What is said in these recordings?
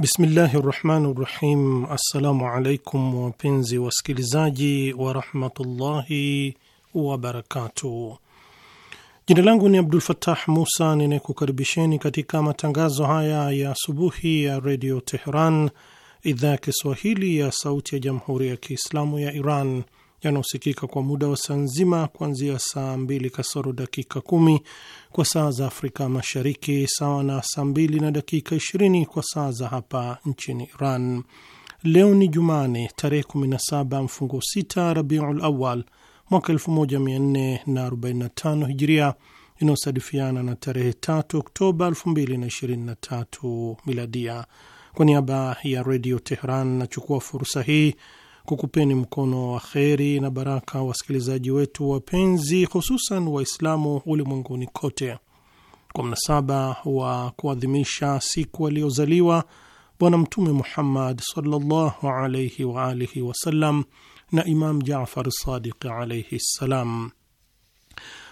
Bismillahi rahmani rahim. Assalamu alaikum wapenzi wasikilizaji warahmatullahi wabarakatuh. Jina langu ni Abdul Fattah Musa ninayekukaribisheni katika matangazo haya ya asubuhi ya redio teheran idhaa ya Kiswahili ya sauti ya jamhuri ya Kiislamu ya Iran yanaosikika kwa muda wa saa nzima kuanzia saa mbili kasoro dakika kumi kwa saa za Afrika Mashariki, sawa na saa mbili na dakika ishirini kwa saa za hapa nchini Iran. Leo ni Jumane tarehe 17 mfungo 6 Rabiul Awal mwaka 1445 Hijiria, inayosadifiana na tarehe 3 Oktoba 2023 Miladia. Kwa niaba ya Redio teheran nachukua fursa hii kukupeni mkono wa kheri na baraka, wasikilizaji wetu wapenzi, hususan Waislamu ulimwenguni kote, kwa mnasaba wa kuadhimisha siku aliyozaliwa Bwana Mtume Muhammad sallallahu alaihi wasallam na Imam Jafar Sadiq alaihi ssalam.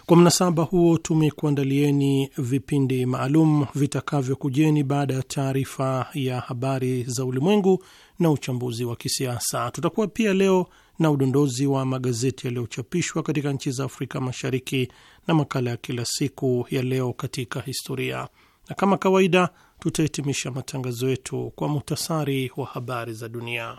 Kwa mnasaba huo tumekuandalieni vipindi maalum vitakavyokujeni baada ya taarifa ya habari za ulimwengu na uchambuzi wa kisiasa. Tutakuwa pia leo na udondozi wa magazeti yaliyochapishwa katika nchi za Afrika Mashariki na makala ya kila siku ya leo katika historia, na kama kawaida tutahitimisha matangazo yetu kwa muhtasari wa habari za dunia.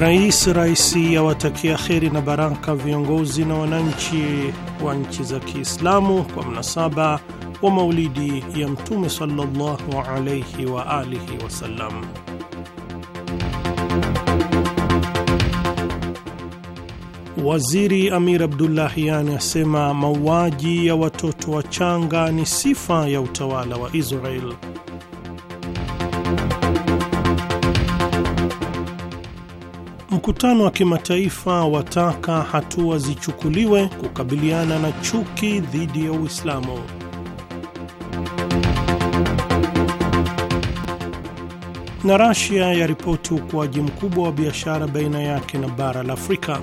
Rais Raisi awatakia kheri na baraka viongozi na wananchi wa nchi za Kiislamu kwa mnasaba wa maulidi ya Mtume sallallahu alaihi wa alihi wasallam. Waziri Amir Abdullahian asema mauaji ya watoto wachanga ni sifa ya utawala wa Israel. Mkutano wa kimataifa wataka hatua zichukuliwe kukabiliana na chuki dhidi ya Uislamu. Na Rasia yaripoti ukuaji mkubwa wa biashara baina yake na bara la Afrika.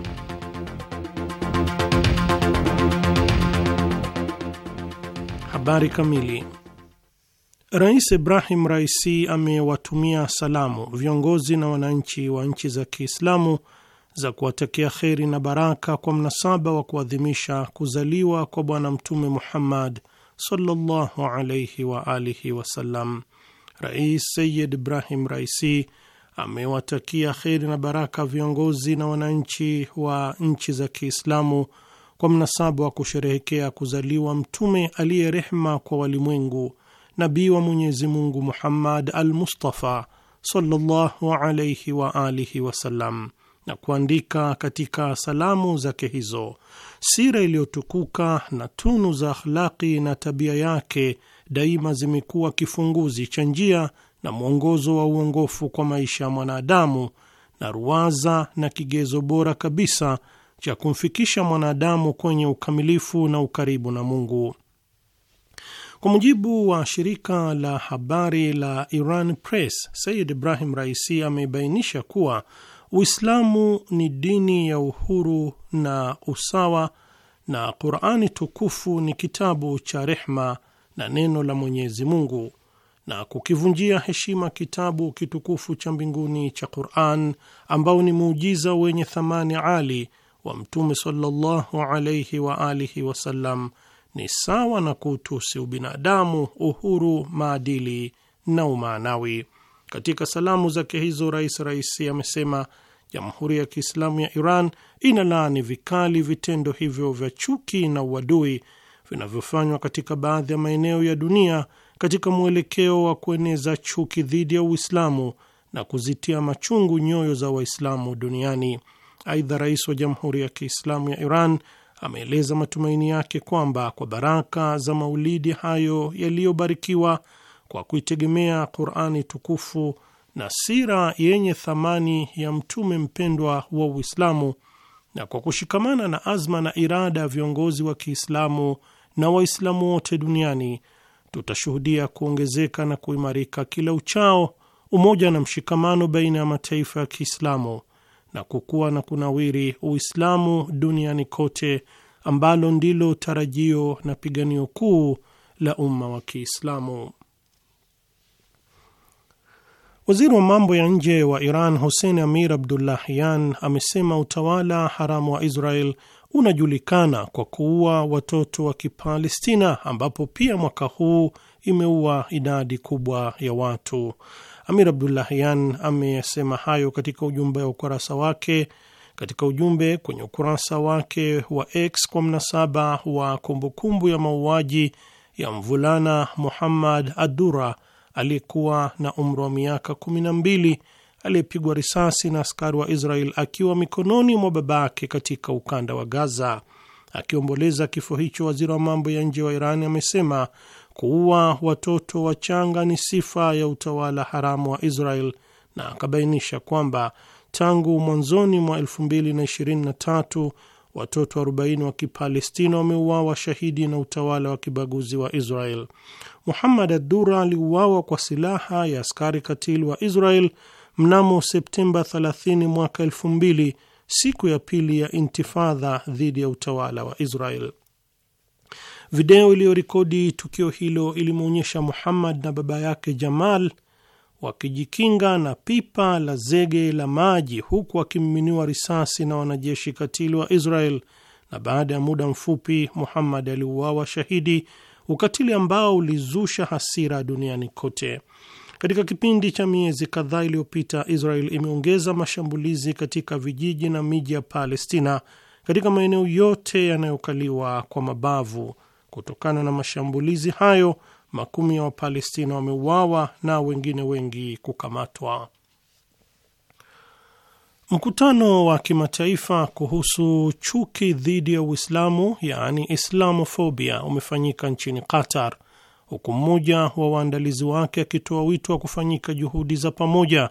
Habari kamili. Rais Ibrahim Raisi amewatumia salamu viongozi na wananchi wa nchi za Kiislamu za kuwatakia kheri na baraka kwa mnasaba wa kuadhimisha kuzaliwa kwa Bwana Mtume Muhammad sallallahu alaihi wa alihi wasallam. Rais Sayid Ibrahim Raisi amewatakia kheri na baraka viongozi na wananchi wa nchi za Kiislamu kwa mnasaba wa kusherehekea kuzaliwa mtume aliye rehma kwa walimwengu nabii wa Mwenyezi Mungu Muhammad al-Mustafa sallallahu alayhi wa alihi wasallam na kuandika katika salamu zake hizo sira iliyotukuka na tunu za akhlaqi na tabia yake daima zimekuwa kifunguzi cha njia na mwongozo wa uongofu kwa maisha ya mwanadamu na ruwaza na kigezo bora kabisa cha kumfikisha mwanadamu kwenye ukamilifu na ukaribu na Mungu. Kwa mujibu wa shirika la habari la Iran Press, Sayid Ibrahim Raisi amebainisha kuwa Uislamu ni dini ya uhuru na usawa na Qur'ani tukufu ni kitabu cha rehma na neno la Mwenyezi Mungu, na kukivunjia heshima kitabu kitukufu cha mbinguni cha Qur'an ambao ni muujiza wenye thamani ali wa Mtume sallallahu alaihi wa alihi wasallam ni sawa na kuutusi ubinadamu, uhuru, maadili na umaanawi. Katika salamu zake hizo, Rais Raisi amesema Jamhuri ya Kiislamu ya Iran inalaani vikali vitendo hivyo vya chuki na uadui vinavyofanywa katika baadhi ya maeneo ya dunia katika mwelekeo wa kueneza chuki dhidi ya Uislamu na kuzitia machungu nyoyo za Waislamu duniani. Aidha, rais wa Jamhuri ya Kiislamu ya Iran ameeleza matumaini yake kwamba kwa baraka za maulidi hayo yaliyobarikiwa kwa kuitegemea Qur'ani tukufu na sira yenye thamani ya mtume mpendwa wa Uislamu na kwa kushikamana na azma na irada ya viongozi wa Kiislamu na Waislamu wote duniani tutashuhudia kuongezeka na kuimarika kila uchao umoja na mshikamano baina ya mataifa ya Kiislamu na kukua na kunawiri Uislamu duniani kote, ambalo ndilo tarajio na piganio kuu la umma wa Kiislamu. Waziri wa mambo ya nje wa Iran Hussein Amir Abdullahian amesema utawala haramu wa Israel unajulikana kwa kuua watoto wa Kipalestina, ambapo pia mwaka huu imeua idadi kubwa ya watu. Amir Abdullahian amesema hayo katika ujumbe wa ukurasa wake katika ujumbe kwenye ukurasa wake wa X kwa mnasaba wa kumbukumbu ya mauaji ya mvulana Muhammad Adura aliyekuwa na umri wa miaka mbili aliyepigwa risasi na askari wa Israel akiwa mikononi mwa babake katika ukanda wa Gaza. Akiomboleza kifo hicho, waziri wa mambo ya nje wa Iran amesema kuua watoto wachanga ni sifa ya utawala haramu wa Israel na akabainisha kwamba tangu mwanzoni mwa 2023 watoto 40 wa Kipalestina wameuawa shahidi na utawala wa kibaguzi wa Israel. Muhammad adura aliuawa kwa silaha ya askari katili wa Israel mnamo Septemba 30 mwaka 2000, siku ya pili ya intifadha dhidi ya utawala wa Israel. Video iliyorekodi tukio hilo ilimwonyesha Muhammad na baba yake Jamal wakijikinga na pipa la zege la maji huku wakimiminiwa risasi na wanajeshi katili wa Israel, na baada ya muda mfupi Muhammad aliuawa shahidi, ukatili ambao ulizusha hasira duniani kote. Katika kipindi cha miezi kadhaa iliyopita, Israel imeongeza mashambulizi katika vijiji na miji ya Palestina katika maeneo yote yanayokaliwa kwa mabavu Kutokana na mashambulizi hayo, makumi ya Wapalestina wameuawa na wengine wengi kukamatwa. Mkutano wa kimataifa kuhusu chuki dhidi ya Uislamu yaani islamofobia umefanyika nchini Qatar, huku mmoja wa waandalizi wake akitoa wito wa kufanyika juhudi za pamoja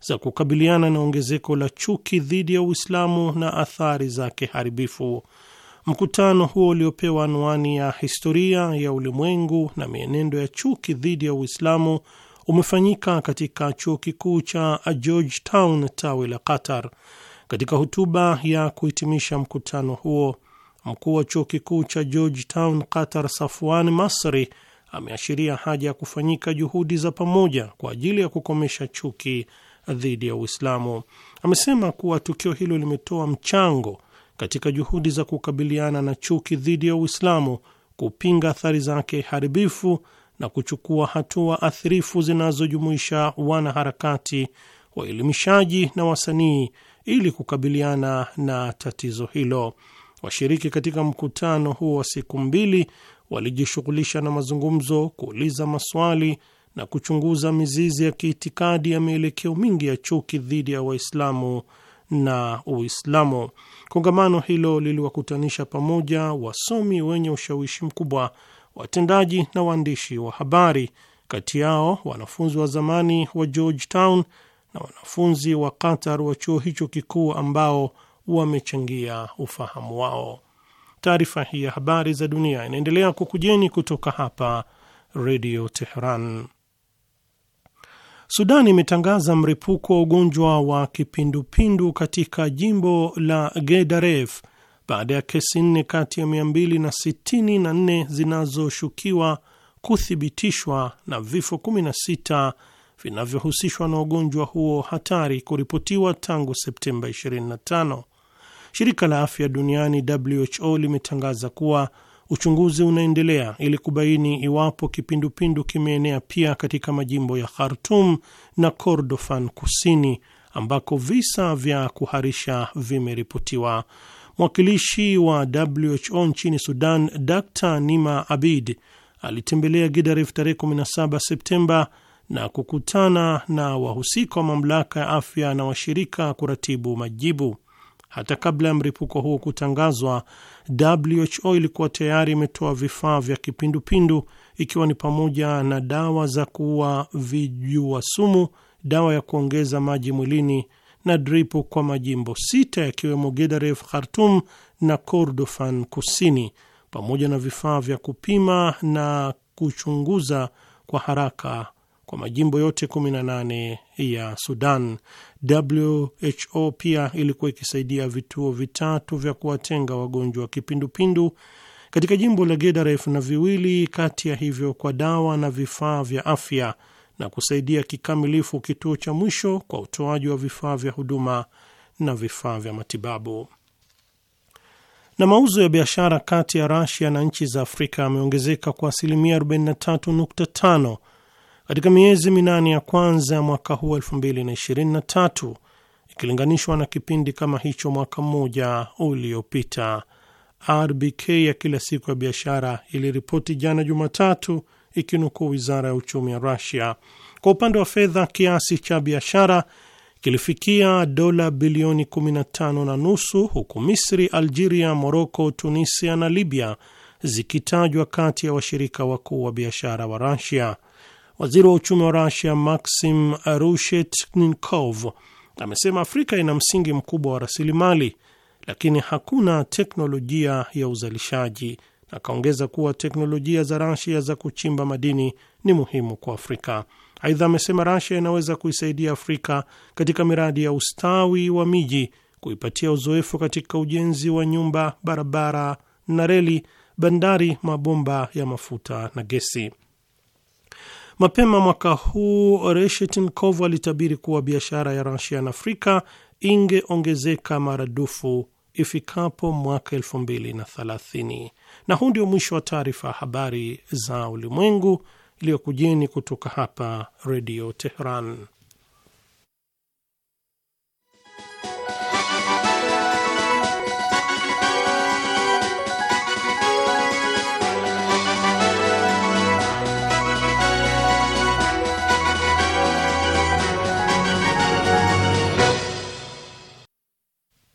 za kukabiliana na ongezeko la chuki dhidi ya Uislamu na athari zake haribifu. Mkutano huo uliopewa anwani ya historia ya ulimwengu na mienendo ya chuki dhidi ya Uislamu umefanyika katika chuo kikuu cha Georgetown tawi la Qatar. Katika hotuba ya kuhitimisha mkutano huo, mkuu wa chuo kikuu cha Georgetown Qatar, Safwan Masri, ameashiria haja ya kufanyika juhudi za pamoja kwa ajili ya kukomesha chuki dhidi ya Uislamu. Amesema kuwa tukio hilo limetoa mchango katika juhudi za kukabiliana na chuki dhidi ya Uislamu, kupinga athari zake haribifu na kuchukua hatua athirifu zinazojumuisha wanaharakati, waelimishaji na wasanii ili kukabiliana na tatizo hilo. Washiriki katika mkutano huo wa siku mbili walijishughulisha na mazungumzo, kuuliza maswali na kuchunguza mizizi ya kiitikadi ya mielekeo mingi ya chuki dhidi ya Waislamu na Uislamu. Kongamano hilo liliwakutanisha pamoja wasomi wenye ushawishi mkubwa, watendaji na waandishi wa habari, kati yao wanafunzi wa zamani wa Georgetown na wanafunzi wa Qatar wa chuo hicho kikuu ambao wamechangia ufahamu wao. Taarifa hii ya habari za dunia inaendelea kukujeni kutoka hapa Radio Teheran. Sudan imetangaza mripuko wa ugonjwa wa kipindupindu katika jimbo la Gedaref baada ya kesi nne kati ya 264 zinazoshukiwa kuthibitishwa na vifo 16 vinavyohusishwa na ugonjwa huo hatari kuripotiwa tangu Septemba 25. Shirika la afya duniani WHO limetangaza kuwa Uchunguzi unaendelea ili kubaini iwapo kipindupindu kimeenea pia katika majimbo ya Khartum na Kordofan Kusini ambako visa vya kuharisha vimeripotiwa. Mwakilishi wa WHO nchini Sudan, Dr Nima Abid alitembelea Gidarif tarehe 17 Septemba na kukutana na wahusika wa mamlaka ya afya na washirika kuratibu majibu. Hata kabla ya mlipuko huo kutangazwa, WHO ilikuwa tayari imetoa vifaa vya kipindupindu ikiwa ni pamoja na dawa za kuua vijua sumu, dawa ya kuongeza maji mwilini na dripu kwa majimbo sita yakiwemo Gedaref, Khartum na Kordofan Kusini, pamoja na vifaa vya kupima na kuchunguza kwa haraka kwa majimbo yote 18 ya Sudan. WHO pia ilikuwa ikisaidia vituo vitatu vya kuwatenga wagonjwa wa kipindupindu katika jimbo la Gedaref na viwili kati ya hivyo kwa dawa na vifaa vya afya na kusaidia kikamilifu kituo cha mwisho kwa utoaji wa vifaa vya huduma na vifaa vya matibabu. Na mauzo ya biashara kati ya Rasia na nchi za Afrika yameongezeka kwa asilimia 43.5 katika miezi minane ya kwanza ya mwaka huu tatu ikilinganishwa na kipindi kama hicho mwaka mmoja uliopita. RBK ya kila siku ya biashara iliripoti jana Jumatatu ikinukuu wizara ya uchumi ya Rusia. Kwa upande wa fedha, kiasi cha biashara kilifikia dola bilioni 15 na nusu, huku Misri, Algeria, Moroko, Tunisia na Libya zikitajwa kati ya washirika wakuu wa biashara wa Rusia. Waziri wa uchumi wa Rusia Maxim Reshetnikov amesema Afrika ina msingi mkubwa wa rasilimali, lakini hakuna teknolojia ya uzalishaji, na akaongeza kuwa teknolojia za Rusia za kuchimba madini ni muhimu kwa Afrika. Aidha amesema Rusia inaweza kuisaidia Afrika katika miradi ya ustawi wa miji, kuipatia uzoefu katika ujenzi wa nyumba, barabara na reli, bandari, mabomba ya mafuta na gesi. Mapema mwaka huu Reshetnikov alitabiri kuwa biashara ya Rasia na Afrika ingeongezeka maradufu ifikapo mwaka 2030. Na huu ndio mwisho wa taarifa ya habari za ulimwengu iliyokujeni kutoka hapa Redio Teheran.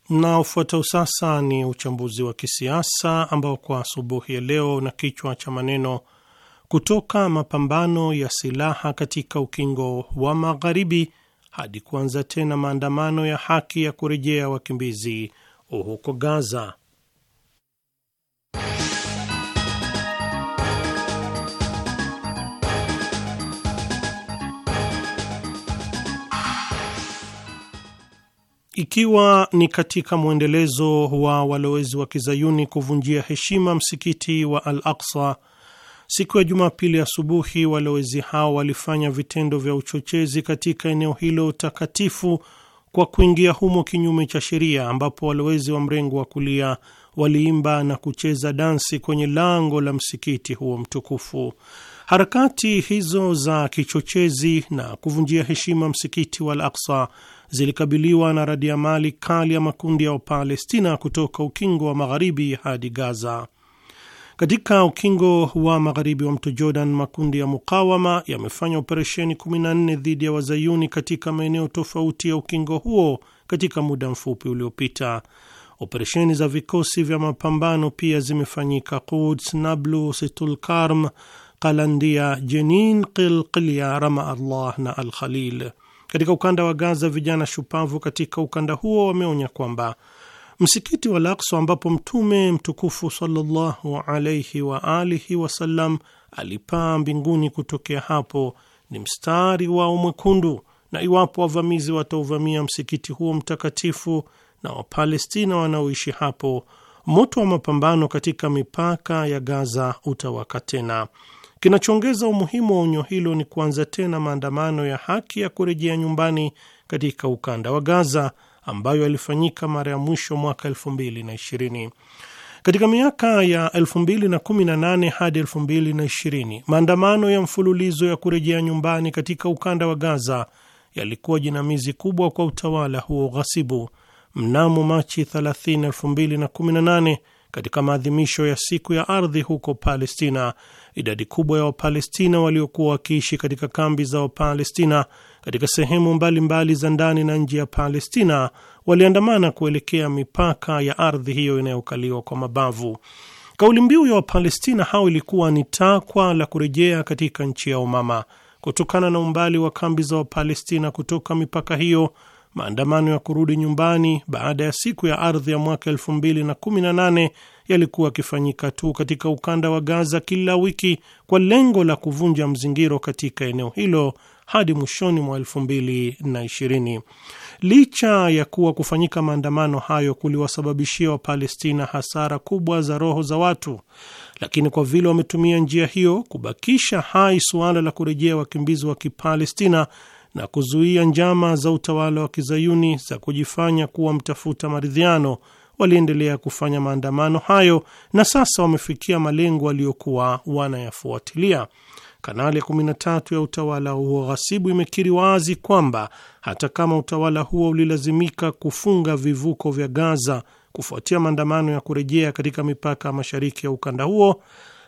Na ufuatao sasa ni uchambuzi wa kisiasa ambao kwa asubuhi ya leo na kichwa cha maneno kutoka mapambano ya silaha katika ukingo wa Magharibi hadi kuanza tena maandamano ya haki ya kurejea wakimbizi huko Gaza. Ikiwa ni katika mwendelezo wa walowezi wa kizayuni kuvunjia heshima msikiti wa Al aksa siku ya Jumapili asubuhi walowezi hao walifanya vitendo vya uchochezi katika eneo hilo takatifu kwa kuingia humo kinyume cha sheria, ambapo walowezi wa mrengo wa kulia waliimba na kucheza dansi kwenye lango la msikiti huo mtukufu. Harakati hizo za kichochezi na kuvunjia heshima msikiti wa Al Aksa zilikabiliwa na radiamali kali ya makundi ya Wapalestina kutoka ukingo wa magharibi hadi Gaza. Katika ukingo wa magharibi wa mto Jordan, makundi ya mukawama yamefanya operesheni 14 dhidi ya wazayuni katika maeneo tofauti ya ukingo huo katika muda mfupi uliopita. Operesheni za vikosi vya mapambano pia zimefanyika Quds, Nablus, Tulkarm, Kalandia, Jenin, Qilqilia, Rama Allah na Al Khalil katika ukanda wa Gaza, vijana shupavu katika ukanda huo wameonya kwamba msikiti wa Al-Aqsa ambapo Mtume mtukufu sallallahu alaihi wa alihi wasallam alipaa mbinguni kutokea hapo ni mstari wao mwekundu, na iwapo wavamizi watauvamia msikiti huo mtakatifu na Wapalestina wanaoishi hapo, moto wa mapambano katika mipaka ya Gaza utawaka tena. Kinachoongeza umuhimu wa onyo hilo ni kuanza tena maandamano ya haki ya kurejea nyumbani katika ukanda wa Gaza ambayo yalifanyika mara ya mwisho mwaka 2020. Katika miaka ya 2018 hadi 2020, maandamano ya mfululizo ya kurejea nyumbani katika ukanda wa Gaza yalikuwa jinamizi kubwa kwa utawala huo ghasibu. Mnamo Machi 30, 2018, katika maadhimisho ya siku ya ardhi huko Palestina, idadi kubwa ya Wapalestina waliokuwa wakiishi katika kambi za Wapalestina katika sehemu mbalimbali za ndani na nje ya Palestina waliandamana kuelekea mipaka ya ardhi hiyo inayokaliwa kwa mabavu. Kauli mbiu ya Wapalestina hao ilikuwa ni takwa la kurejea katika nchi yao mama. Kutokana na umbali wa kambi za Wapalestina kutoka mipaka hiyo, maandamano ya kurudi nyumbani baada ya siku ya ardhi ya mwaka 2018 yalikuwa yakifanyika tu katika ukanda wa Gaza kila wiki kwa lengo la kuvunja mzingiro katika eneo hilo hadi mwishoni mwa ishirini. Licha ya kuwa kufanyika maandamano hayo kuliwasababishia Wapalestina hasara kubwa za roho za watu, lakini kwa vile wametumia njia hiyo kubakisha hai suala la kurejea wakimbizi wa Kipalestina na kuzuia njama za utawala wa kizayuni za kujifanya kuwa mtafuta maridhiano waliendelea kufanya maandamano hayo na sasa wamefikia malengo waliokuwa wanayafuatilia. Kanali ya tatu ya utawala huo ghasibu imekiri wazi kwamba hata kama utawala huo ulilazimika kufunga vivuko vya Gaza kufuatia maandamano ya kurejea katika mipaka ya mashariki ya ukanda huo,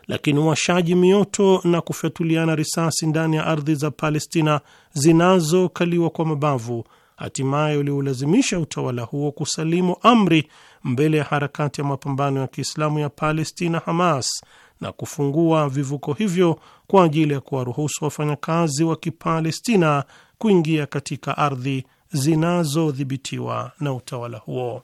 lakini uwashaji mioto na kufyatuliana risasi ndani ya ardhi za Palestina zinazokaliwa kwa mabavu hatimaye uliulazimisha utawala huo kusalimu amri mbele ya harakati ya mapambano ya Kiislamu ya Palestina Hamas na kufungua vivuko hivyo kwa ajili ya kuwaruhusu wafanyakazi wa Kipalestina kuingia katika ardhi zinazodhibitiwa na utawala huo.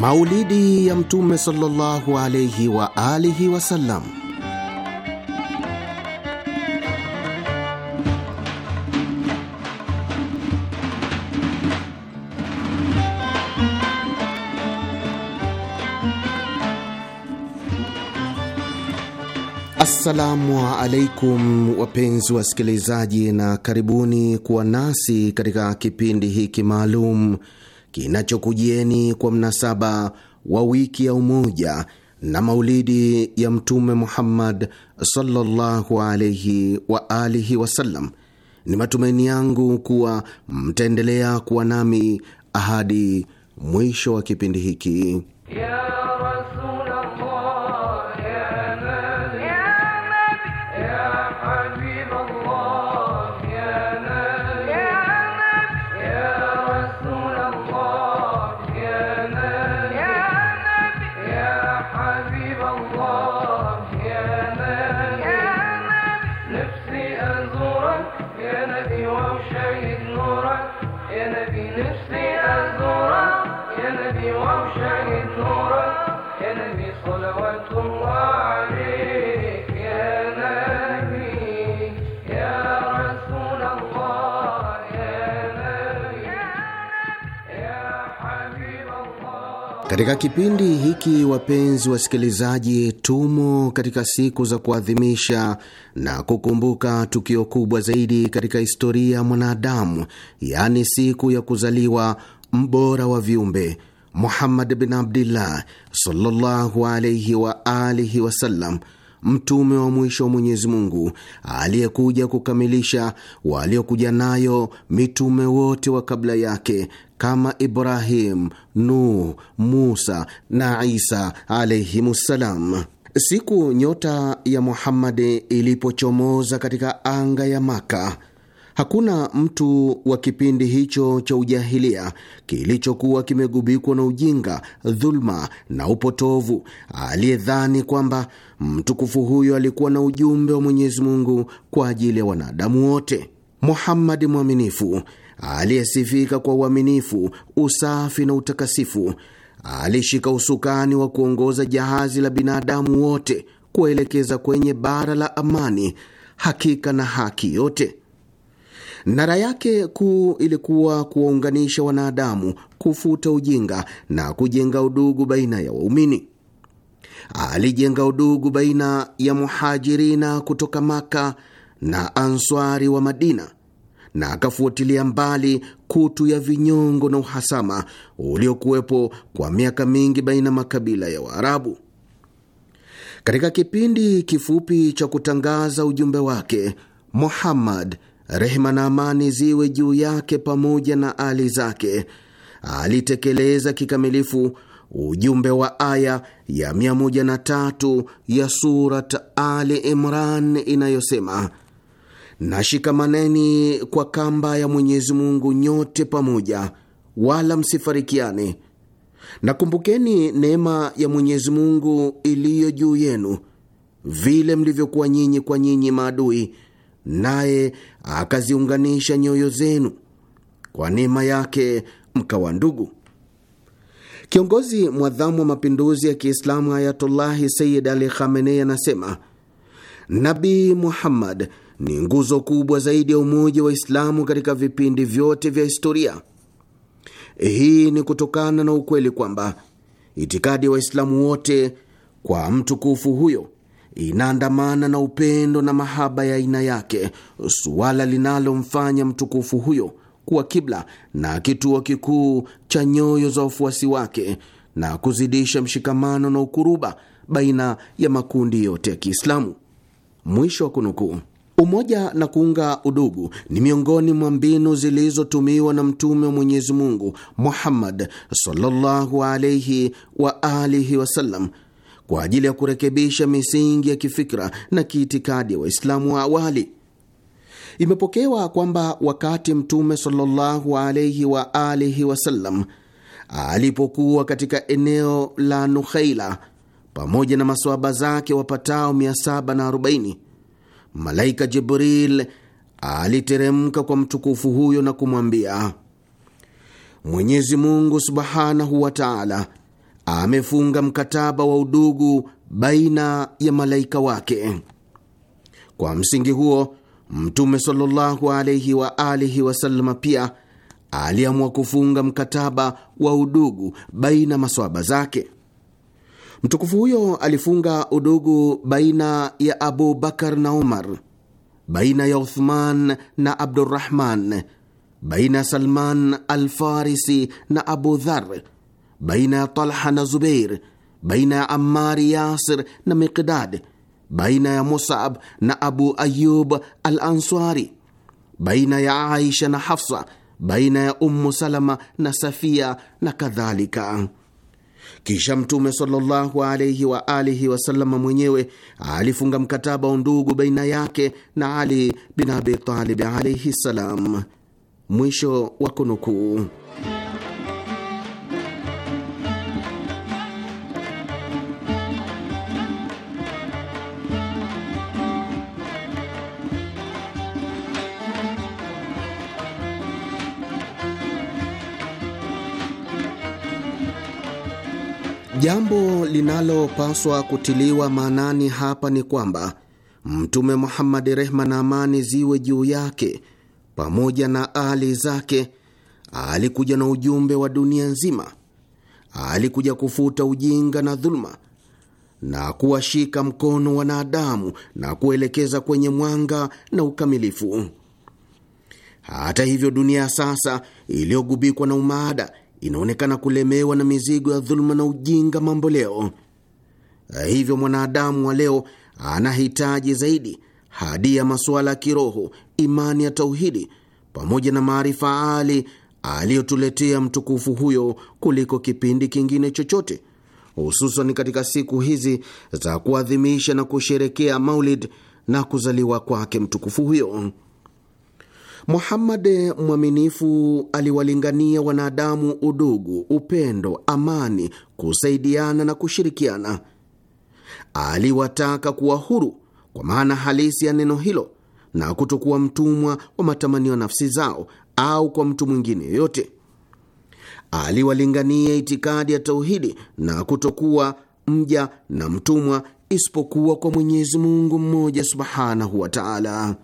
Maulidi ya Mtume sallallahu alaihi wa alihi wasallam. Assalamu alaikum wapenzi wasikilizaji, na karibuni kuwa nasi katika kipindi hiki maalum kinachokujieni kwa mnasaba wa wiki ya umoja na maulidi ya Mtume Muhammad sallallahu alaihi wa alihi wasallam. Ni matumaini yangu kuwa mtaendelea kuwa nami ahadi mwisho wa kipindi hiki ya Katika kipindi hiki wapenzi wasikilizaji, tumo katika siku za kuadhimisha na kukumbuka tukio kubwa zaidi katika historia ya mwanadamu, yaani siku ya kuzaliwa mbora wa viumbe Muhammad bin Abdillah sallallahu alaihi wa alihi wasallam, mtume wa mwisho wa Mwenyezi Mungu aliyekuja kukamilisha waliokuja nayo mitume wote wa kabla yake kama Ibrahim, Nuh, Musa na Isa alaihimussalam. Siku nyota ya Muhammadi ilipochomoza katika anga ya Maka, hakuna mtu wa kipindi hicho cha ujahilia kilichokuwa kimegubikwa na ujinga, dhulma na upotovu aliyedhani kwamba mtukufu huyo alikuwa na ujumbe wa Mwenyezi Mungu kwa ajili ya wanadamu wote. Muhammadi mwaminifu aliyesifika kwa uaminifu, usafi na utakasifu, alishika usukani wa kuongoza jahazi la binadamu wote kuwaelekeza kwenye bara la amani, hakika na haki yote. Nara yake kuu ilikuwa kuwaunganisha wanadamu, kufuta ujinga na kujenga udugu baina ya waumini. Alijenga udugu baina ya muhajirina kutoka Maka na answari wa Madina na akafuatilia mbali kutu ya vinyongo na uhasama uliokuwepo kwa miaka mingi baina makabila ya Waarabu. Katika kipindi kifupi cha kutangaza ujumbe wake, Muhammad, rehma na amani ziwe juu yake, pamoja na ali zake, alitekeleza kikamilifu ujumbe wa aya ya 103 ya Surat Ali Imran inayosema nashikamaneni kwa kamba ya Mwenyezi Mungu nyote pamoja, wala msifarikiane, nakumbukeni neema ya Mwenyezi Mungu iliyo juu yenu, vile mlivyokuwa nyinyi kwa nyinyi maadui, naye akaziunganisha nyoyo zenu kwa neema yake mkawa ndugu. Kiongozi mwadhamu wa mapinduzi ya Kiislamu Ayatullahi Sayyid Ali Khamenei anasema Nabii Muhammad ni nguzo kubwa zaidi ya umoja wa Islamu katika vipindi vyote vya historia. Hii ni kutokana na ukweli kwamba itikadi ya wa Waislamu wote kwa mtukufu huyo inaandamana na upendo na mahaba ya aina yake, suala linalomfanya mtukufu huyo kuwa kibla na kituo kikuu cha nyoyo za wafuasi wake na kuzidisha mshikamano na ukuruba baina ya makundi yote ya Kiislamu. Mwisho wa kunukuu. Umoja na kuunga udugu ni miongoni mwa mbinu zilizotumiwa na Mtume wa Mwenyezi Mungu Muhammad sallallahu alaihi wa alihi wasallam kwa ajili ya kurekebisha misingi ya kifikra na kiitikadi ya wa Waislamu wa awali. Imepokewa kwamba wakati Mtume sallallahu alaihi wa alihi wasallam alipokuwa katika eneo la Nukhaila pamoja na masoaba zake wapatao 740 malaika Jibril aliteremka kwa mtukufu huyo na kumwambia, Mwenyezi Mungu subhanahu wa taala amefunga mkataba wa udugu baina ya malaika wake. Kwa msingi huo Mtume sallallahu alaihi wa alihi wasalama pia aliamua kufunga mkataba wa udugu baina maswaba zake. Mtukufu huyo alifunga udugu baina ya Abu Bakar na Umar, baina ya Uthman na Abdurrahman, baina ya Salman Alfarisi na Abu Dhar, baina ya Talha na Zubeir, baina ya amari Yasir na Miqdad, baina ya Musab na Abu Ayub al Answari, baina ya Aisha na Hafsa, baina ya Ummu Salama na Safia na kadhalika. Kisha Mtume sallallahu alaihi wa alihi wasalama mwenyewe alifunga mkataba wa ndugu baina yake na Ali bin Abi Talib alaihi salam. Mwisho wa kunukuu. Jambo linalopaswa kutiliwa maanani hapa ni kwamba Mtume Muhammad, rehma na amani ziwe juu yake, pamoja na ali zake, alikuja na ujumbe wa dunia nzima. Alikuja kufuta ujinga na dhuluma na kuwashika mkono wanadamu na kuelekeza kwenye mwanga na ukamilifu. Hata hivyo, dunia sasa iliyogubikwa na umaada inaonekana kulemewa na mizigo ya dhuluma na ujinga mambo leo. Hivyo mwanadamu wa leo anahitaji zaidi hadi ya masuala ya kiroho, imani ya tauhidi pamoja na maarifa ali aliyotuletea mtukufu huyo kuliko kipindi kingine chochote, hususan katika siku hizi za kuadhimisha na kusherekea Maulid na kuzaliwa kwake mtukufu huyo. Muhammad eh, mwaminifu aliwalingania wanadamu udugu, upendo, amani, kusaidiana na kushirikiana. Aliwataka kuwa huru kwa maana halisi ya neno hilo na kutokuwa mtumwa wa matamanio nafsi zao au kwa mtu mwingine yoyote. Aliwalingania itikadi ya tauhidi na kutokuwa mja na mtumwa isipokuwa kwa Mwenyezi Mungu mmoja subhanahu wa taala.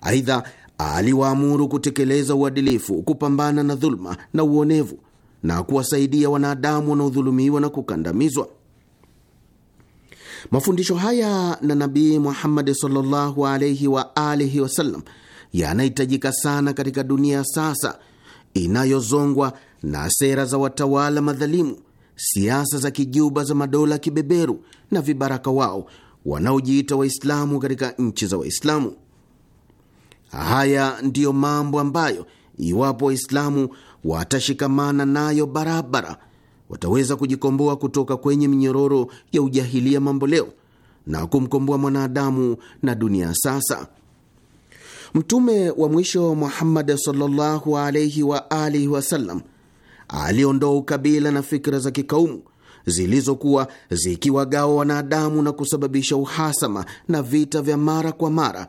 Aidha, aliwaamuru kutekeleza uadilifu, kupambana na dhuluma na uonevu na kuwasaidia wanadamu wanaodhulumiwa na kukandamizwa. Mafundisho haya na Nabii Muhammadi sallallahu alaihi wa alihi wasallam yanahitajika sana katika dunia ya sasa inayozongwa na sera za watawala madhalimu, siasa za kijuba za madola kibeberu na vibaraka wao wanaojiita Waislamu katika nchi za Waislamu. Haya ndiyo mambo ambayo iwapo Waislamu watashikamana nayo barabara, wataweza kujikomboa kutoka kwenye minyororo ya ujahilia mamboleo na kumkomboa mwanadamu na dunia. Sasa mtume wa mwisho Muhammad sallallahu alaihi wa alihi wasallam aliondoa ukabila na fikra za kikaumu zilizokuwa zikiwagawa wanadamu na kusababisha uhasama na vita vya mara kwa mara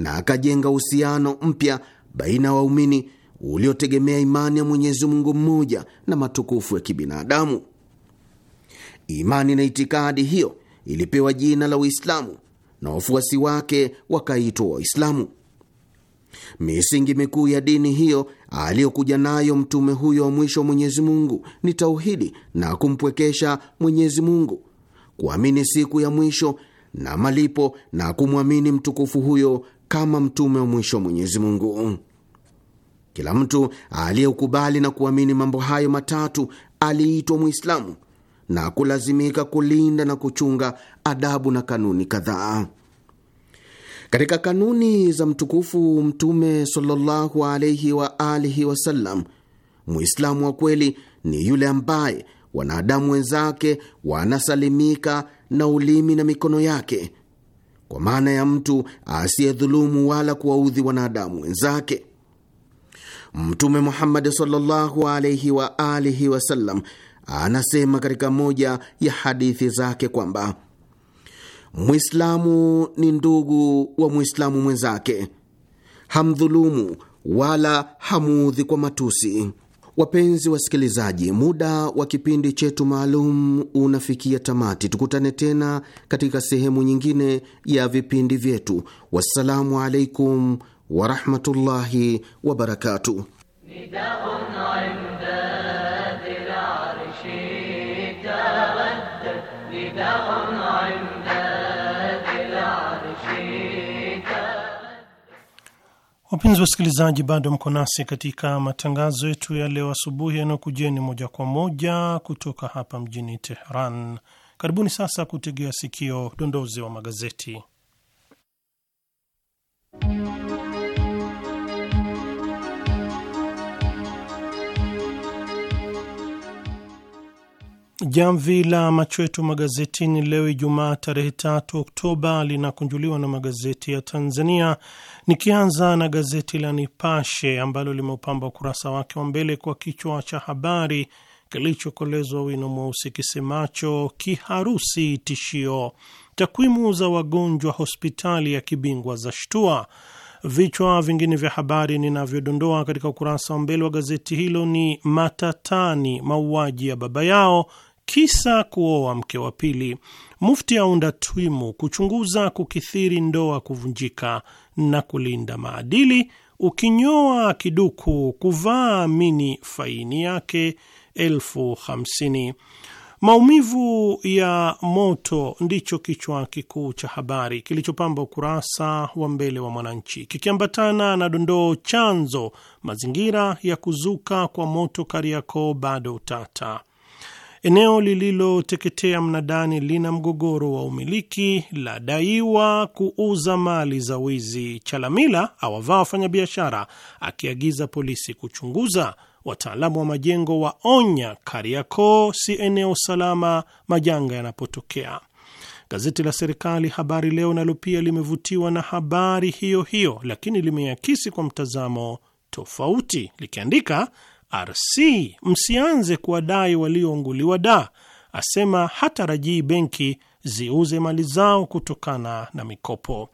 na akajenga uhusiano mpya baina ya waumini uliotegemea imani ya Mwenyezi Mungu mmoja na matukufu ya kibinadamu. Imani na itikadi hiyo ilipewa jina la Uislamu na wafuasi wake wakaitwa Waislamu. Misingi mikuu ya dini hiyo aliyokuja nayo mtume huyo wa mwisho wa Mwenyezi Mungu ni tauhidi na kumpwekesha Mwenyezi Mungu, kuamini siku ya mwisho na malipo na kumwamini mtukufu huyo kama mtume wa mwisho wa Mwenyezi Mungu. Kila mtu aliyeukubali na kuamini mambo hayo matatu aliitwa Mwislamu na kulazimika kulinda na kuchunga adabu na kanuni kadhaa. Katika kanuni za mtukufu Mtume sallallahu alaihi wa alihi wasallam, Mwislamu wa kweli ni yule ambaye wanadamu wenzake wanasalimika na ulimi na mikono yake kwa maana ya mtu asiyedhulumu wala kuwaudhi wanadamu wenzake. Mtume Muhammad sallallahu alaihi wa alihi wasallam anasema katika moja ya hadithi zake kwamba Mwislamu ni ndugu wa Mwislamu mwenzake, hamdhulumu wala hamuudhi kwa matusi. Wapenzi wasikilizaji, muda wa kipindi chetu maalum unafikia tamati. Tukutane tena katika sehemu nyingine ya vipindi vyetu. Wassalamu alaikum warahmatullahi wabarakatuh. Wapenzi wasikilizaji, bado mko nasi katika matangazo yetu ya leo asubuhi yanayokujeni moja kwa moja kutoka hapa mjini Teheran. Karibuni sasa kutegea sikio dondozi wa magazeti. Jamvi la macho yetu magazetini leo Ijumaa tarehe tatu Oktoba linakunjuliwa na magazeti ya Tanzania, nikianza na gazeti la Nipashe ambalo limeupamba ukurasa wake wa mbele kwa kichwa cha habari kilichokolezwa wino mweusi kisemacho kiharusi tishio, takwimu za wagonjwa hospitali ya kibingwa za shtua. Vichwa vingine vya habari ninavyodondoa katika ukurasa wa mbele wa gazeti hilo ni matatani, mauaji ya baba yao Kisa kuoa mke wa pili. Mufti aunda twimu kuchunguza kukithiri ndoa kuvunjika na kulinda maadili. Ukinyoa kiduku kuvaa mini, faini yake elfu hamsini. Maumivu ya moto ndicho kichwa kikuu cha habari kilichopamba ukurasa wa mbele wa Mwananchi, kikiambatana na dondoo chanzo. Mazingira ya kuzuka kwa moto Kariakoo bado utata. Eneo lililoteketea mnadani lina mgogoro wa umiliki, ladaiwa kuuza mali za wizi. Chalamila awavaa wafanyabiashara akiagiza polisi kuchunguza. Wataalamu wa majengo waonya Kariakoo si eneo salama majanga yanapotokea. Gazeti la serikali Habari Leo nalo pia limevutiwa na habari hiyo hiyo, lakini limeakisi kwa mtazamo tofauti likiandika DRC msianze kuwadai waliounguliwa da, asema hatarajii benki ziuze mali zao kutokana na mikopo.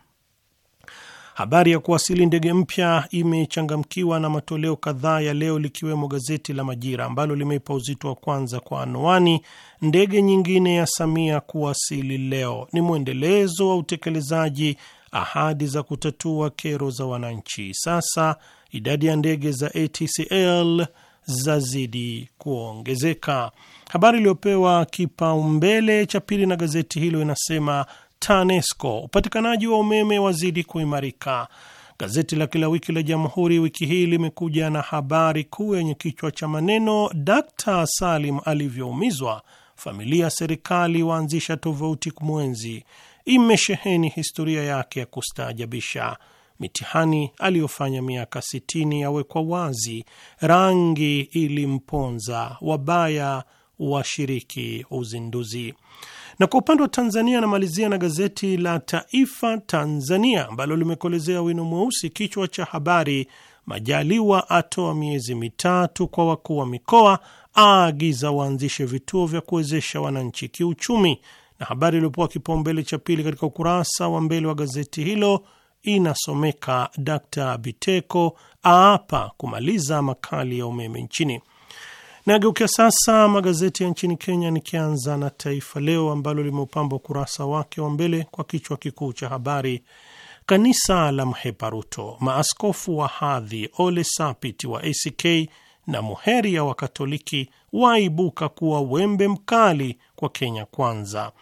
Habari ya kuwasili ndege mpya imechangamkiwa na matoleo kadhaa ya leo, likiwemo gazeti la Majira ambalo limeipa uzito wa kwanza kwa anwani, ndege nyingine ya Samia kuwasili leo. Ni mwendelezo wa utekelezaji ahadi za kutatua kero za wananchi. Sasa idadi ya ndege za ATCL zazidi kuongezeka. Habari iliyopewa kipaumbele cha pili na gazeti hilo inasema TANESCO, upatikanaji wa umeme wazidi kuimarika. Gazeti la kila wiki la Jamhuri wiki hii limekuja na habari kuu yenye kichwa cha maneno Dkt Salim alivyoumizwa, familia serikali waanzisha tofauti kumwenzi, imesheheni historia yake ya kustaajabisha mitihani aliyofanya miaka sitini yawekwa wazi, rangi ilimponza, wabaya washiriki uzinduzi. Na kwa upande wa Tanzania, anamalizia na gazeti la Taifa Tanzania ambalo limekolezea wino mweusi kichwa cha habari, Majaliwa atoa miezi mitatu kwa wakuu wa mikoa, aagiza waanzishe vituo vya kuwezesha wananchi kiuchumi. Na habari iliyopewa kipaumbele cha pili katika ukurasa wa mbele wa gazeti hilo inasomeka Dr Biteko aapa kumaliza makali ya umeme nchini. Nageukia sasa magazeti ya nchini Kenya, nikianza na Taifa Leo ambalo limeupamba ukurasa wake wa mbele kwa kichwa kikuu cha habari Kanisa la mheparuto maaskofu wa hadhi Ole Sapit wa ACK na muheri ya Wakatoliki waibuka kuwa wembe mkali kwa Kenya Kwanza.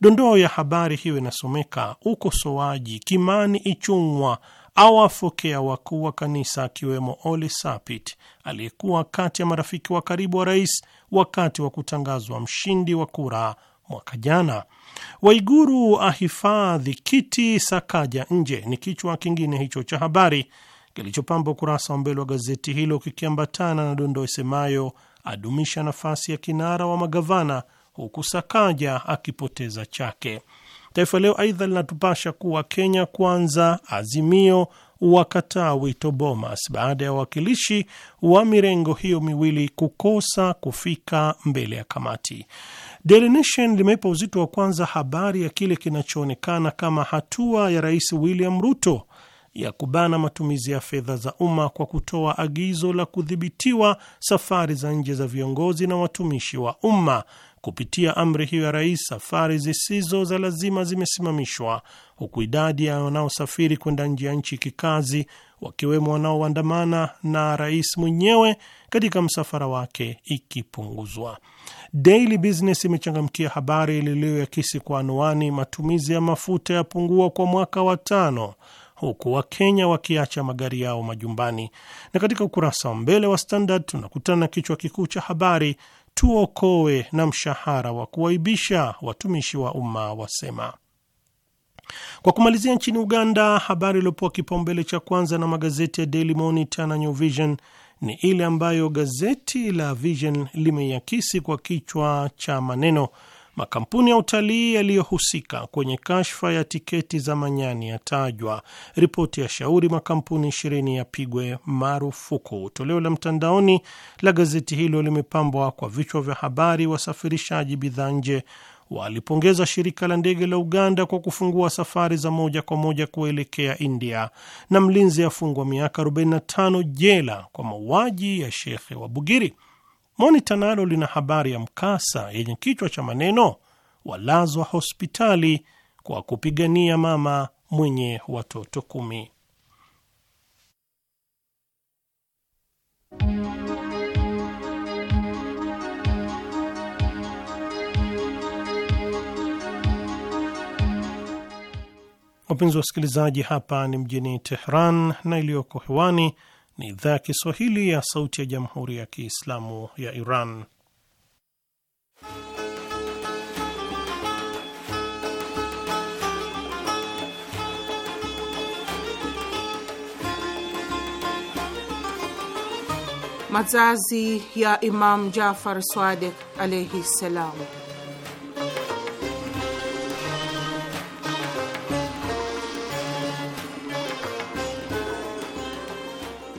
Dondoo ya habari hiyo inasomeka: ukosoaji Kimani Ichung'wa awafokea wakuu wa kanisa akiwemo Ole Sapit aliyekuwa kati ya marafiki wa karibu wa rais wakati wa kutangazwa mshindi wa kura mwaka jana. Waiguru ahifadhi kiti Sakaja nje, ni kichwa kingine hicho cha habari kilichopamba ukurasa wa mbele wa gazeti hilo kikiambatana na dondoo isemayo adumisha nafasi ya kinara wa magavana huku Sakaja akipoteza chake. Taifa Leo aidha linatupasha kuwa Kenya Kwanza, Azimio wakataa wito Bomas baada ya wawakilishi wa mirengo hiyo miwili kukosa kufika mbele ya kamati. Daily Nation limeipa uzito wa kwanza habari ya kile kinachoonekana kama hatua ya Rais William Ruto ya kubana matumizi ya fedha za umma kwa kutoa agizo la kudhibitiwa safari za nje za viongozi na watumishi wa umma. Kupitia amri hiyo ya rais, safari zisizo za lazima zimesimamishwa, huku idadi ya wanaosafiri kwenda nje ya nchi kikazi, wakiwemo wanaoandamana na rais mwenyewe katika msafara wake, ikipunguzwa. Daily Business imechangamkia habari liliyoyakisi kwa anwani, matumizi ya mafuta yapungua kwa mwaka wa tano huku Wakenya wakiacha magari yao majumbani. Na katika ukurasa wa mbele wa Standard tunakutana na kichwa kikuu cha habari, tuokoe na mshahara wa kuwaibisha, watumishi wa umma wasema. Kwa kumalizia, nchini Uganda, habari iliyopewa kipaumbele cha kwanza na magazeti ya Daily Monitor na New Vision ni ile ambayo gazeti la Vision limeiakisi kwa kichwa cha maneno Makampuni ya utalii yaliyohusika kwenye kashfa ya tiketi za manyani yatajwa. Ripoti ya shauri makampuni ishirini yapigwe marufuku. Toleo la mtandaoni la gazeti hilo limepambwa kwa vichwa vya habari: wasafirishaji bidhaa nje walipongeza shirika la ndege la Uganda kwa kufungua safari za moja kwa moja kuelekea India, na mlinzi afungwa miaka 45 jela kwa mauaji ya shekhe wa Bugiri. Monita nalo lina habari ya mkasa yenye kichwa cha maneno walazwa hospitali kwa kupigania mama mwenye watoto kumi. Wapenzi wa wasikilizaji, hapa ni mjini Tehran na iliyoko hewani ni idhaa ya Kiswahili ya Sauti ya Jamhuri ya Kiislamu ya Iran. Mazazi ya Imam Jafar Swadek alaihi ssalam.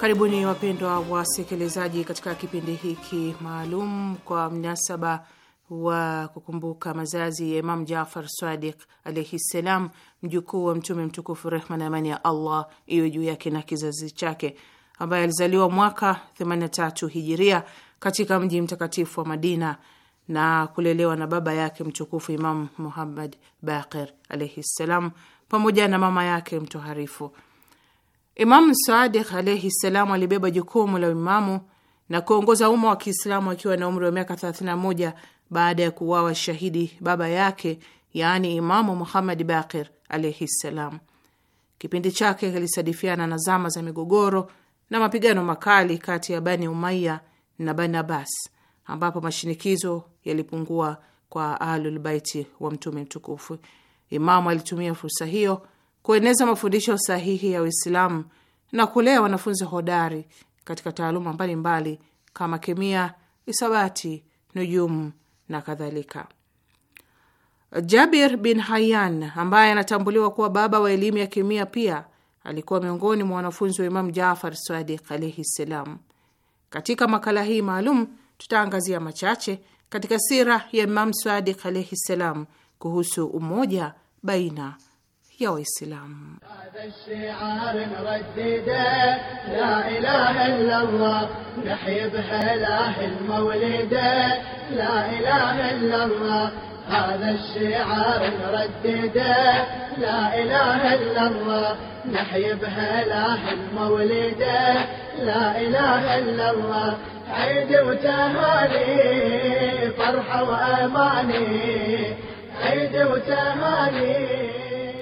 Karibuni wapendwa wasikilizaji, katika kipindi hiki maalum kwa mnasaba wa kukumbuka mazazi ya Imam Jafar Sadiq alaihi ssalam, mjukuu wa Mtume mtukufu, rehma na amani ya Allah iwe juu yake na kizazi chake, ambaye alizaliwa mwaka 83 hijiria katika mji mtakatifu wa Madina na kulelewa na baba yake mtukufu Imam Muhammad Baqir alaihi ssalam pamoja na mama yake mtoharifu Imamu Sadiq alaihi ssalam alibeba jukumu la uimamu na kuongoza umma wa Kiislamu akiwa na umri wa miaka 31 baada ya kuwawa shahidi baba yake, yaani Imamu Muhammad Baqir alaihi ssalam. Kipindi chake kilisadifiana na zama za migogoro na mapigano makali kati ya Bani Umaya na Bani Abbas, ambapo mashinikizo yalipungua kwa Ahlulbaiti wa Mtume Mtukufu. Imamu alitumia fursa hiyo kueneza mafundisho sahihi ya Uislamu na kulea wanafunzi hodari katika taaluma mbalimbali mbali, kama kemia, isabati, nujumu na kadhalika. Jabir bin Hayyan ambaye anatambuliwa kuwa baba wa elimu ya kemia pia alikuwa miongoni mwa wanafunzi wa Imamu Jafar Sadiq alaihi ssalam. Katika makala hii maalum tutaangazia machache katika sira ya Imamu Sadiq alaihi ssalam kuhusu umoja baina يا ويسلام هذا الشعار نردده لا اله الا الله نحيي بهلاه المولده لا اله الا الله هذا الشعار نردده لا اله الا الله نحيي بهلاه المولده لا اله الا الله عيد وتهاني فرحه واماني عيد وتهاني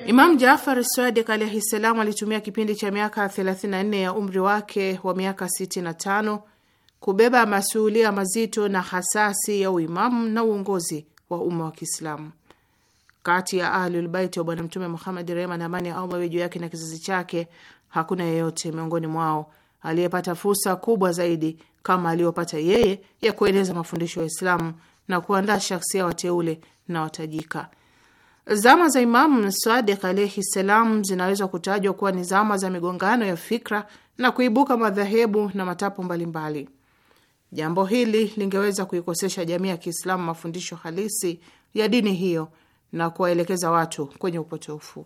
Imam Jafar Swadik alaihi alitumia kipindi cha miaka 34 ya umri wake wa miaka 65 kubeba masuulia mazito na hasasi ya uimamu na uongozi wa umma wa Kiislamu. Kati ya Ahlulbaiti wa Bwana Mtume Muhammad, rehma na amani ya Allah juu yake na kizazi chake, hakuna yeyote miongoni mwao aliyepata fursa kubwa zaidi kama aliyopata yeye ya kueneza mafundisho ya Islamu na kuandaa shaksia wateule na watajika Zama za Imamu Sadiq alaihi ssalam zinaweza kutajwa kuwa ni zama za migongano ya fikra na kuibuka madhehebu na matapo mbalimbali. Jambo hili lingeweza kuikosesha jamii ya Kiislamu mafundisho halisi ya dini hiyo na kuwaelekeza watu kwenye upotofu,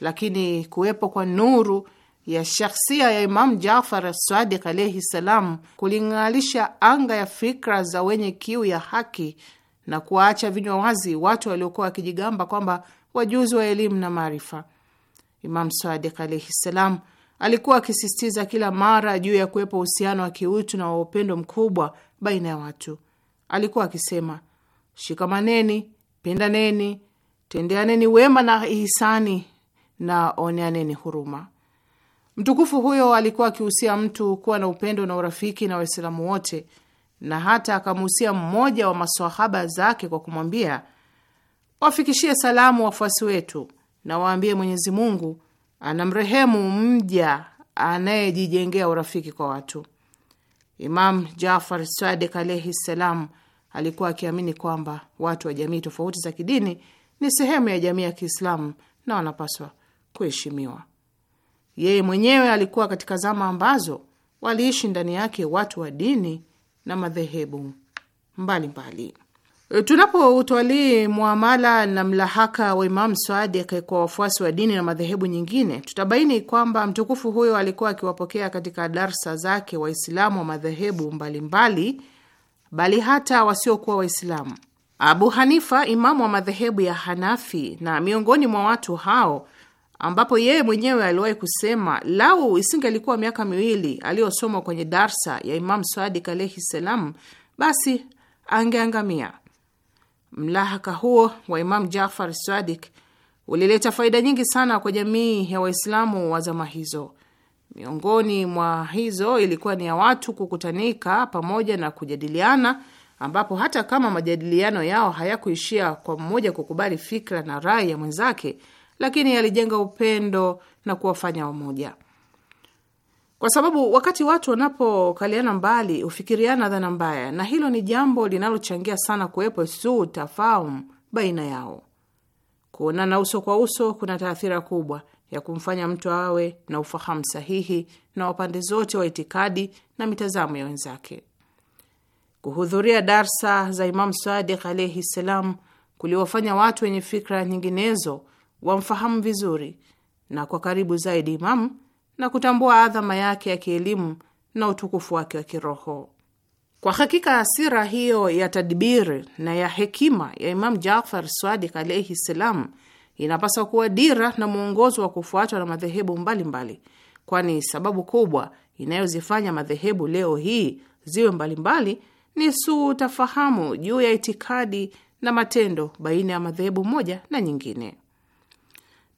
lakini kuwepo kwa nuru ya shakhsia ya Imamu Jafar Sadiq alaihi ssalam kuling'alisha anga ya fikra za wenye kiu ya haki na kuwaacha vinywa wazi watu waliokuwa wakijigamba kwamba wajuzi wa elimu na maarifa. Imam Sadik alaihi ssalam alikuwa akisisitiza kila mara juu ya kuwepo uhusiano wa kiutu na wa upendo mkubwa baina ya watu. Alikuwa akisema, shikamaneni, pendaneni, tendeaneni wema na ihisani na oneaneni huruma. Mtukufu huyo alikuwa akihusia mtu kuwa na upendo na urafiki na Waislamu wote na hata akamuhusia mmoja wa maswahaba zake kwa kumwambia, wafikishie salamu wafuasi wetu na waambie Mwenyezi Mungu anamrehemu mja anayejijengea urafiki kwa watu. Imam Jafar sadik alaihi ssalam alikuwa akiamini kwamba watu wa jamii tofauti za kidini ni sehemu ya jamii ya Kiislamu na wanapaswa kuheshimiwa. Yeye mwenyewe alikuwa katika zama ambazo waliishi ndani yake watu wa dini na madhehebu mbalimbali. E, Tunapoutwalii mwamala na mlahaka wa Imamu Swadi kwa wafuasi wa dini na madhehebu nyingine, tutabaini kwamba mtukufu huyo alikuwa akiwapokea katika darsa zake Waislamu wa madhehebu mbalimbali mbali, bali hata wasiokuwa Waislamu. Abu Hanifa, imamu wa madhehebu ya Hanafi, na miongoni mwa watu hao ambapo yeye mwenyewe aliwahi kusema lau isingelikuwa miaka miwili aliyosomwa kwenye darsa ya imam Sadik alaihi ssalam, basi angeangamia. Mlahaka huo wa imam Jafar Sadik ulileta faida nyingi sana kwa jamii ya Waislamu wa zama hizo. Miongoni mwa hizo ilikuwa ni ya watu kukutanika pamoja na kujadiliana, ambapo hata kama majadiliano yao hayakuishia kwa mmoja kukubali fikra na rai ya mwenzake lakini yalijenga upendo na kuwafanya wamoja, kwa sababu wakati watu wanapokaliana mbali hufikiriana dhana mbaya, na hilo ni jambo linalochangia sana kuwepo su tafahumu baina yao. Kuonana uso kwa uso kuna taathira kubwa ya kumfanya mtu awe na ufahamu sahihi na wapande zote wa itikadi na mitazamo ya wenzake. Kuhudhuria darsa za Imamu Sadik alaihi ssalam kuliwafanya watu wenye fikra nyinginezo wamfahamu vizuri na kwa karibu zaidi Imamu na kutambua adhama yake ya kielimu na utukufu wake wa kiroho. Kwa hakika sira hiyo ya tadbiri na ya hekima ya Imamu Jafar Swadik alaihi ssalam inapaswa kuwa dira na mwongozo wa kufuatwa na madhehebu mbalimbali, kwani sababu kubwa inayozifanya madhehebu leo hii ziwe mbalimbali ni suu tafahamu juu ya itikadi na matendo baina ya madhehebu moja na nyingine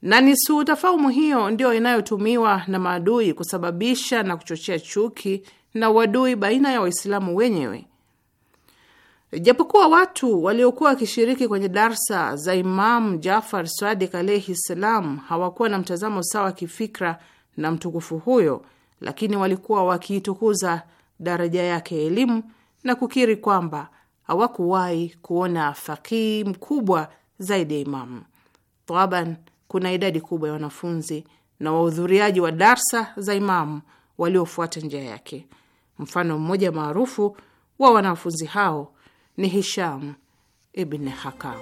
na ni suutafahumu hiyo ndiyo inayotumiwa na maadui kusababisha na kuchochea chuki na uadui baina ya Waislamu wenyewe. Japokuwa watu waliokuwa wakishiriki kwenye darsa za Imamu Jafar Swadik alaihi ssalam hawakuwa na mtazamo sawa kifikra na mtukufu huyo, lakini walikuwa wakiitukuza daraja yake ya elimu na kukiri kwamba hawakuwahi kuona fakihi mkubwa zaidi ya Imamu Taban kuna idadi kubwa ya wanafunzi na wahudhuriaji wa darsa za Imamu waliofuata njia yake. Mfano mmoja maarufu wa wanafunzi hao ni Hisham ibn Hakam.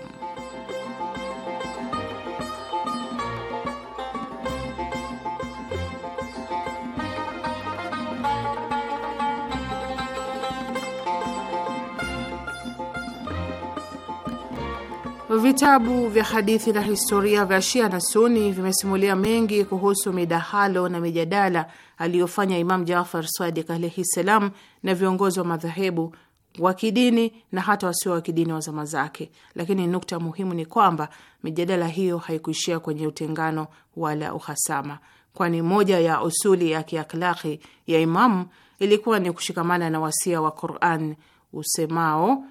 Vitabu vya hadithi na historia vya Shia na Suni vimesimulia mengi kuhusu midahalo na mijadala aliyofanya Imam Jafar Swadik alaihi ssalam na viongozi wa madhehebu wa kidini na hata wasio wa kidini wa zama zake. Lakini nukta muhimu ni kwamba mijadala hiyo haikuishia kwenye utengano wala uhasama, kwani moja ya usuli ya kiakhlaki ya Imamu ilikuwa ni kushikamana na wasia wa Quran usemao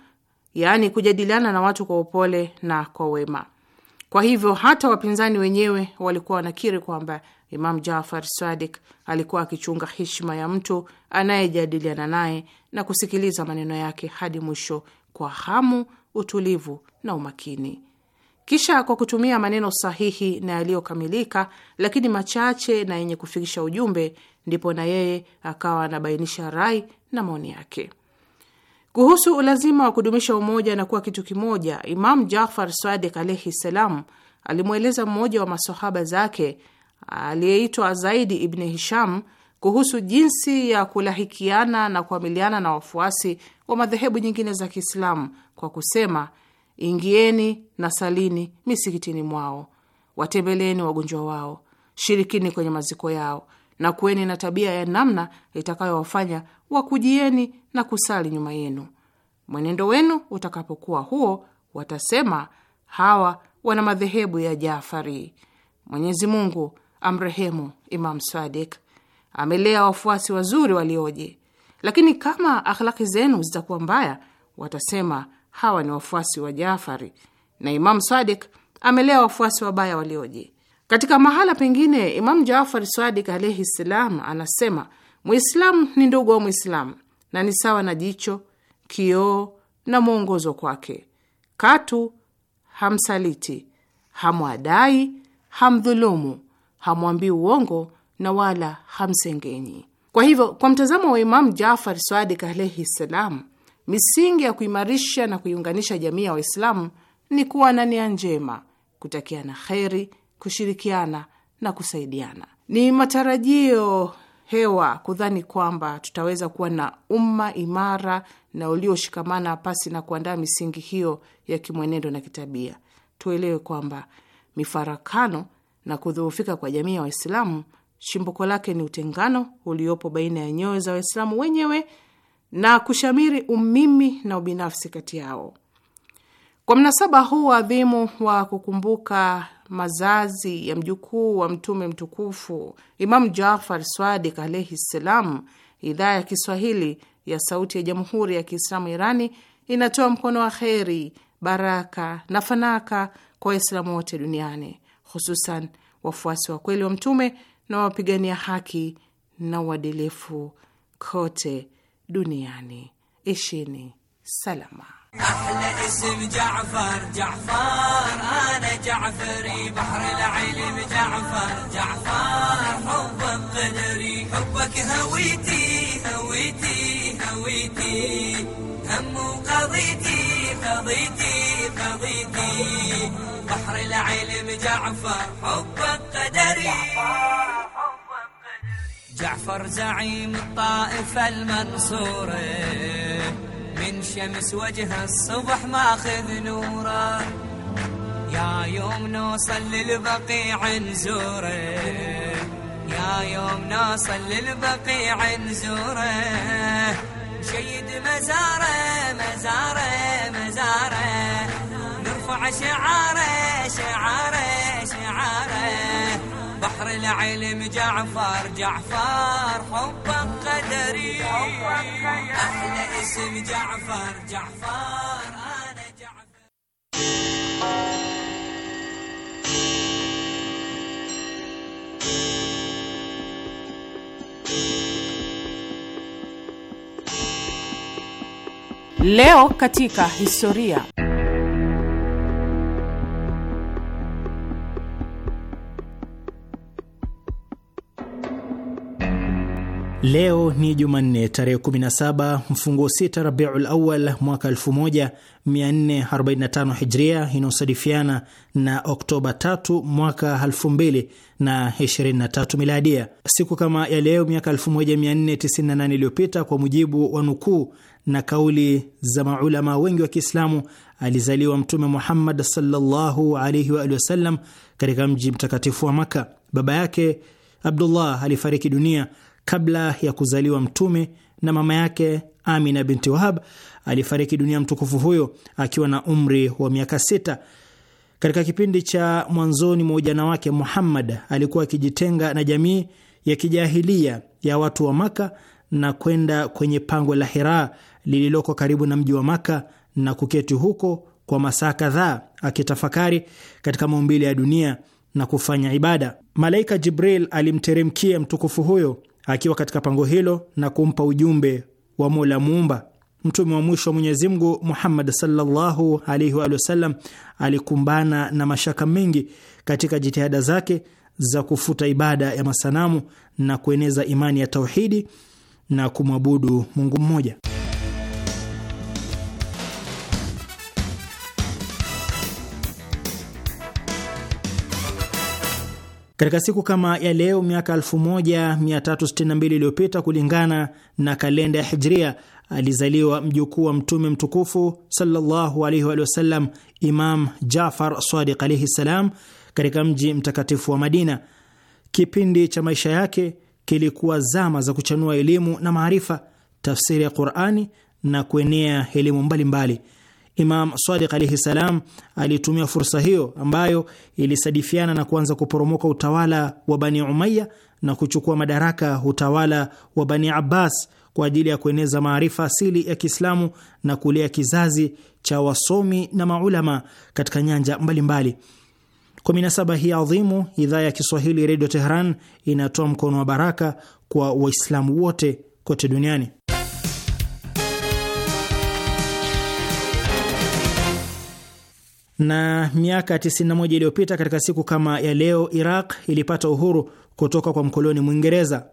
yaani kujadiliana na watu kwa upole na kwa wema. Kwa hivyo hata wapinzani wenyewe walikuwa wanakiri kwamba Imam Jafar Sadik alikuwa akichunga heshima ya mtu anayejadiliana naye na kusikiliza maneno yake hadi mwisho kwa hamu, utulivu na umakini. Kisha kwa kutumia maneno sahihi na yaliyokamilika, lakini machache na yenye kufikisha ujumbe, ndipo na yeye akawa anabainisha rai na maoni yake. Kuhusu ulazima wa kudumisha umoja na kuwa kitu kimoja, Imam Jafar sadik alaihi ssalam alimweleza mmoja wa masahaba zake aliyeitwa Zaidi Ibni Hisham kuhusu jinsi ya kulahikiana na kuamiliana na wafuasi wa madhehebu nyingine za Kiislamu kwa kusema, ingieni na salini misikitini mwao, watembeleeni wagonjwa wao, shirikini kwenye maziko yao na kuweni na tabia ya namna itakayowafanya wakujieni na kusali nyuma yenu. Mwenendo wenu utakapokuwa huo, watasema hawa wana madhehebu ya jafari Mwenyezi Mungu amrehemu Imam Sadik, amelea wafuasi wazuri walioje! Lakini kama akhlaki zenu zitakuwa mbaya, watasema hawa ni wafuasi wa Jaafari, na Imam Sadik amelea wafuasi wabaya walioje! Katika mahala pengine, Imamu Jaafar Swadik alaihi ssalam anasema Mwislamu ni ndugu wa Mwislamu na ni sawa na jicho, kioo na mwongozo kwake. Katu hamsaliti, hamwadai, hamdhulumu, hamwambii uongo na wala hamsengenyi. Kwa hivyo, kwa mtazamo wa Imamu Jafar Swadik alaihi ssalam, misingi ya kuimarisha na kuiunganisha jamii ya Waislamu ni kuwa na nia njema, kutakiana kheri kushirikiana na kusaidiana. Ni matarajio hewa kudhani kwamba tutaweza kuwa na umma imara na ulioshikamana pasi na kuandaa misingi hiyo ya kimwenendo na kitabia. Tuelewe kwamba mifarakano na kudhoofika kwa jamii ya Waislamu chimbuko lake ni utengano uliopo baina ya nyoyo za Waislamu wenyewe na kushamiri umimi na ubinafsi kati yao. Kwa mnasaba huu adhimu wa kukumbuka mazazi ya mjukuu wa mtume mtukufu Imamu Jafar Swadik alaihi ssalam, idhaa ya Kiswahili ya Sauti ya Jamhuri ya Kiislamu Irani inatoa mkono wa kheri, baraka na fanaka kwa Waislamu wote duniani, hususan wafuasi wa kweli wa mtume na wapigania haki na uadilifu kote duniani. Ishini salama. أحلى اسم جعفر جعفر أنا جعفري بحر العلم جعفر جعفر حب قدري حبك هويتي هويتي هويتي هم قضيتي قضيتي قضيتي بحر العلم جعفر حب قدري جعفر زعيم الطائفة المنصورة من شمس وجه الصبح ماخذ نوره يا يوم نوصل للبقيع نزوره يا يوم نوصل للبقيع نزوره شيد مزاره مزاره مزاره نرفع شعاره شعاره شعاره بحر العلم جعفر جعفر حب قدري أحلى اسم جعفر جعفر أنا جعفر ليو katika historia. Leo ni Jumanne tarehe 17 mfunguo 6 Rabiul Awal mwaka 1445 Hijria, inayosadifiana na Oktoba 3 mwaka 2023 Miladia. Siku kama ya leo miaka 1498 iliyopita, kwa mujibu wa nukuu na kauli za maulama wengi wa Kiislamu, alizaliwa Mtume Muhammad sallallahu alaihi wa alihi wasallam katika mji mtakatifu wa Maka. Baba yake Abdullah alifariki dunia kabla ya kuzaliwa Mtume, na mama yake Amina binti Wahab alifariki dunia mtukufu huyo akiwa na umri wa miaka sita. Katika kipindi cha mwanzoni mwa ujana wake, Muhammad alikuwa akijitenga na jamii ya kijahilia ya watu wa Maka na kwenda kwenye pango la Hira lililoko karibu na mji wa Maka na kuketi huko kwa masaa kadhaa akitafakari katika maumbile ya dunia na kufanya ibada. Malaika Jibril alimteremkia mtukufu huyo akiwa katika pango hilo na kumpa ujumbe wa Mola Muumba. Mtume wa mwisho wa Mwenyezi Mungu Muhammad sallallahu alaihi wa sallam alikumbana na mashaka mengi katika jitihada zake za kufuta ibada ya masanamu na kueneza imani ya tauhidi na kumwabudu Mungu mmoja. Katika siku kama ya leo miaka 1362 iliyopita kulingana na kalenda ya Hijria, alizaliwa mjukuu wa Mtume mtukufu sallallahu alaihi wa sallam, Imam Jafar Sadiq alaihi salam, katika mji mtakatifu wa Madina. Kipindi cha maisha yake kilikuwa zama za kuchanua elimu na maarifa, tafsiri ya Qurani na kuenea elimu mbalimbali mbali. Imam Sadiq alaihi salam alitumia fursa hiyo ambayo ilisadifiana na kuanza kuporomoka utawala wa Bani Umayya na kuchukua madaraka utawala wa Bani Abbas kwa ajili ya kueneza maarifa asili ya Kiislamu na kulea kizazi cha wasomi na maulama katika nyanja mbalimbali. Kwa minasaba hii adhimu, idhaa ya Kiswahili Redio Tehran inatoa mkono wa baraka kwa Waislamu wote kote duniani. Na miaka 91 iliyopita katika siku kama ya leo, Iraq ilipata uhuru kutoka kwa mkoloni Mwingereza.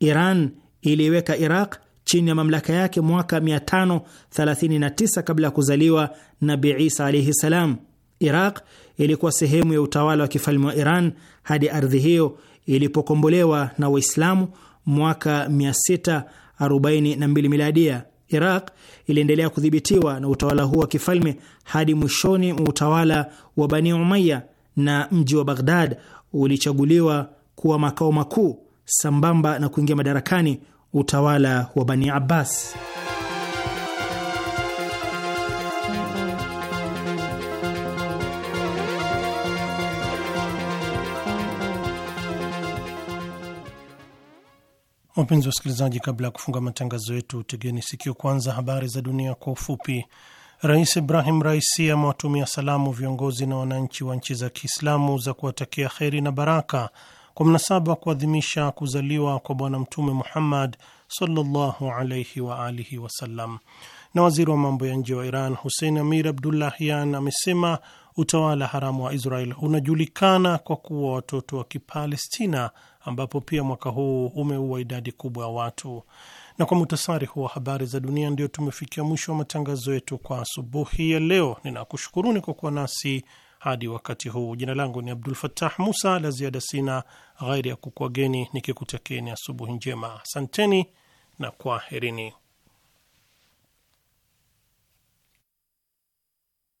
Iran iliiweka Iraq chini ya mamlaka yake mwaka 539 kabla ya kuzaliwa Nabi Isa alaihi salam. Iraq ilikuwa sehemu ya utawala wa kifalme wa Iran hadi ardhi hiyo ilipokombolewa na Waislamu mwaka 642 miladia. Iraq iliendelea kudhibitiwa na utawala huo wa kifalme hadi mwishoni mwa utawala wa Bani umaya na mji wa Baghdad ulichaguliwa kuwa makao makuu sambamba na kuingia madarakani utawala wa Bani Abbas. Wapenzi wasikilizaji, kabla ya kufunga matangazo yetu, tegeni sikio kwanza habari za dunia kwa ufupi. Rais Ibrahim Raisi amewatumia salamu viongozi na wananchi wa nchi za Kiislamu za kuwatakia kheri na baraka kwa mnasaba wa kuadhimisha kuzaliwa kwa Bwana Mtume Muhammad sallallahu alaihi wa alihi wasallam. Na waziri wa mambo ya nje wa Iran Hussein Amir Abdullahian amesema utawala haramu wa Israel unajulikana kwa kuwa watoto wa Kipalestina ambapo pia mwaka huu umeua idadi kubwa ya watu. Na kwa mutasari huwa habari za dunia, ndio tumefikia mwisho wa matangazo yetu kwa asubuhi ya leo. Ninakushukuruni kwa kuwa nasi hadi wakati huu. Jina langu ni Abdul fatah Musa. La ziada sina ghairi ya kukuageni nikikutakeni asubuhi njema. Asanteni na kwaherini.